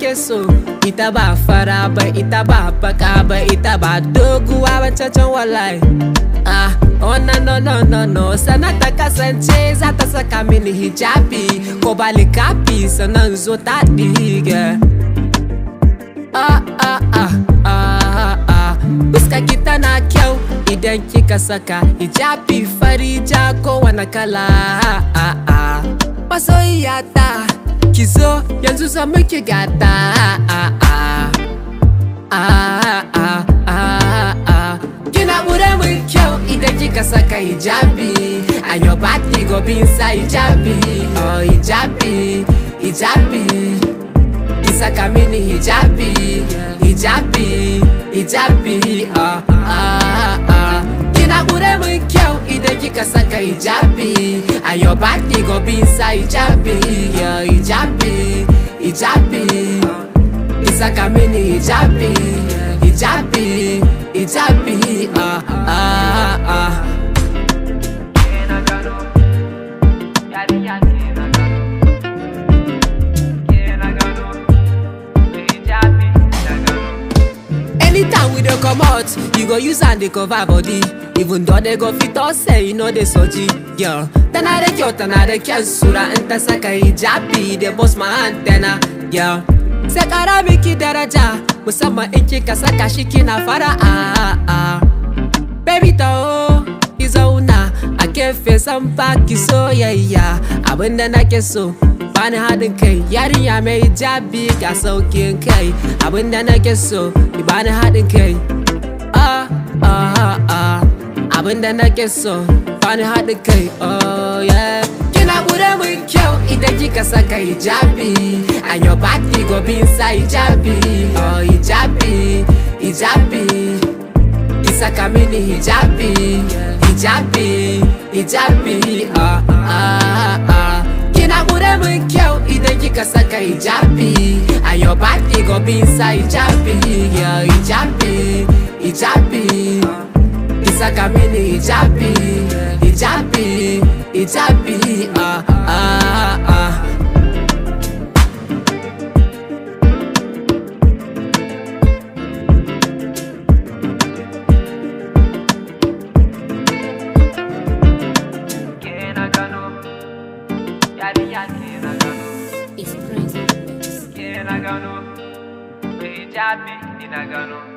nake so ita ba fara ba ita ba baka ba ita ba wallahi ah oh no no no no no sana ta kasance za ta saka mini hijabi ko ba sana sannan zo ta diga ah ah ah ah ah Buska kita na kyau idan kika saka hijabi farija ko wanakala Ah, ah ah masoyiyata ki zo yanzu za muke gata Kina mure mai kyau idan kika saka hijabi And your body go be inside hijabi Oh hijabi, hijabi Kisaka mini hijabi, hijabi, hijabi Oh, oh, oh Kina mure mai kyau idan kika saka hijabi And your body go be inside hijabi, yeah, hijabi, hijabi. It's like a mini hijabi, hijabi, hijabi, ah, ah, ah. Anytime we don't come out, you go use and they cover body. Even though they go fit us, say eh, you know they soji, yeah. tana da kyau tana da kyan sura in ta saka hijabi da boss ma antena yeah. sai kara miki daraja musamman in kika saka shi kina fara'a baby ta ki zauna a kefe san baki soyayya abinda nake so bani hadin kai yariya mai hijabi ga saukin kai abinda nake so bani hadin kai ah ah ah been there da nake so how haɗi kai oh yeah kina bure mun kyau idan kika saka hijabi and your body go be inside hijabi oh hijabi hijabi ki saka mini hijabi hijabi hijabi ah ah ah kina bure mun kyau idan kika saka hijabi and your body go be inside hijabi yeah hijabi hijabi uh. saka mini hijabi, hijabi, hijabi ah, ah, ah. If Prince, yeah, I got no, hijabi, yeah, I got no.